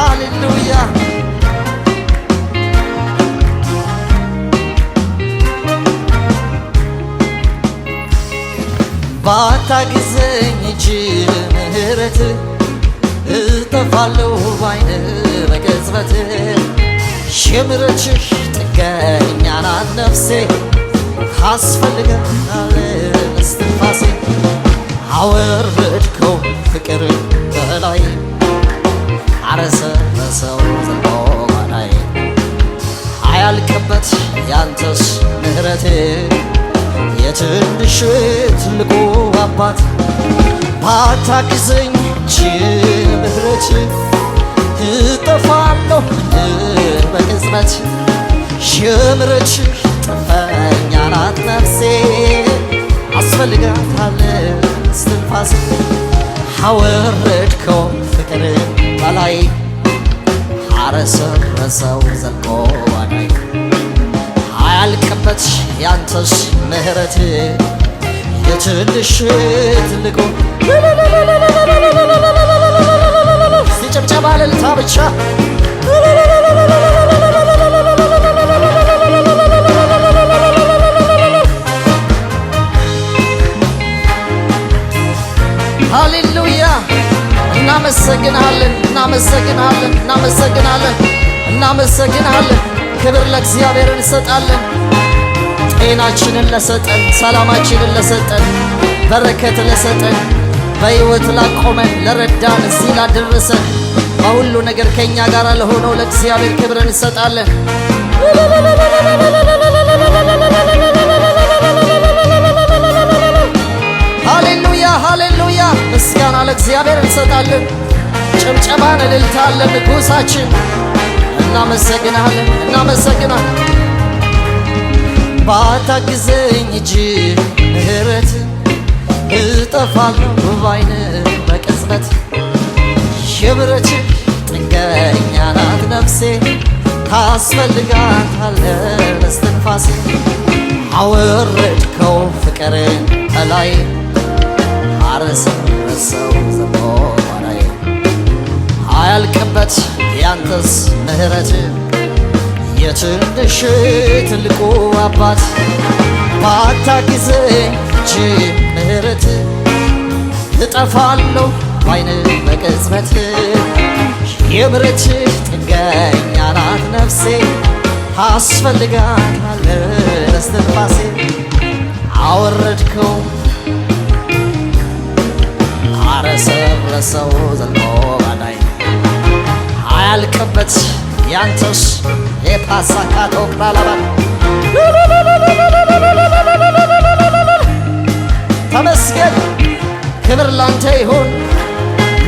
Hallelujah. ባታግዘኝ እጅ ምህረት እጠፋለሁ ባይን በቅጽበት ሽምረችሽ ጥገኛ ናት ነፍሴ ካስፈልገናል እስትንፋሴ አወር ሞላበት ያንተስ ምህረቴ የትንሽ ትልቁ አባት ባታግዘኝ ምህረት እጠፋለሁ በቅጽበት ሽምረች ጥፈኛ ናት ነፍሴ አስፈልጋታል እስትንፋስ አወረድከው ፍቅር በላይ አረሰረሰው ዘልቆ አያልቅበት ያንተስ ምህረት የትንሽ ትልቁ ጭብጨባ እልልታ ብቻ ሃሌሉያ እናመሰግናለን እናመሰግናለን እናመሰግናለን እናመሰግናለን ክብር ለእግዚአብሔር እንሰጣለን። ጤናችንን ለሰጠን፣ ሰላማችንን ለሰጠን፣ በረከት ለሰጠን፣ በሕይወት ላቆመን፣ ለረዳን፣ እዚህ ላደረሰን፣ በሁሉ ነገር ከእኛ ጋር ለሆነው ለእግዚአብሔር ክብር እንሰጣለን። ሃሌሉያ ሃሌሉያ! ምስጋና ለእግዚአብሔር እንሰጣለን። ጭብጨባን እልልታለን ንጉሳችን እናመሰግናለን፣ እናመሰግናለን ባታግዘኝ እጅ ምህረት እጠፋለሁ ባይነ በቅጽበት የብረት ጥገኛ ናት ነፍሴ ታስፈልጋታለ እስትንፋሴ አወረድከው ፍቅርን ከላይ አረሰረሰው ዘቦ ላይ አያልቅበት ያንተስ ምሕረት የትንሽ ትልቁ አባት ባታግዘኝ እጅ ምሕረት እጠፋለሁ ባይን በቅጽበት የምሕረት ጥገኛ ናት ነፍሴ አስፈልጋታለች እስትንፋሴ አወረድከው አረሰረሰው ዘልሞ ያንተስ የፓሳካ ተወቅራላባ ተመስገን ክብር ላንተ ይሁን፣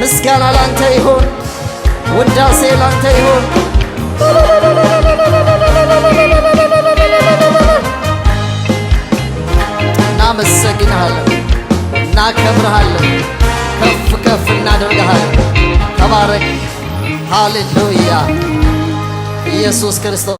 ምስጋና ላንተ ይሁን፣ ውዳሴ ላንተ ይሁን። እናመሰግንሃለን፣ እናከብርሃለን፣ ከፍ ከፍ እናደርግሃለን። ተባረክ። ሃሌሉያ Jesús Cristo.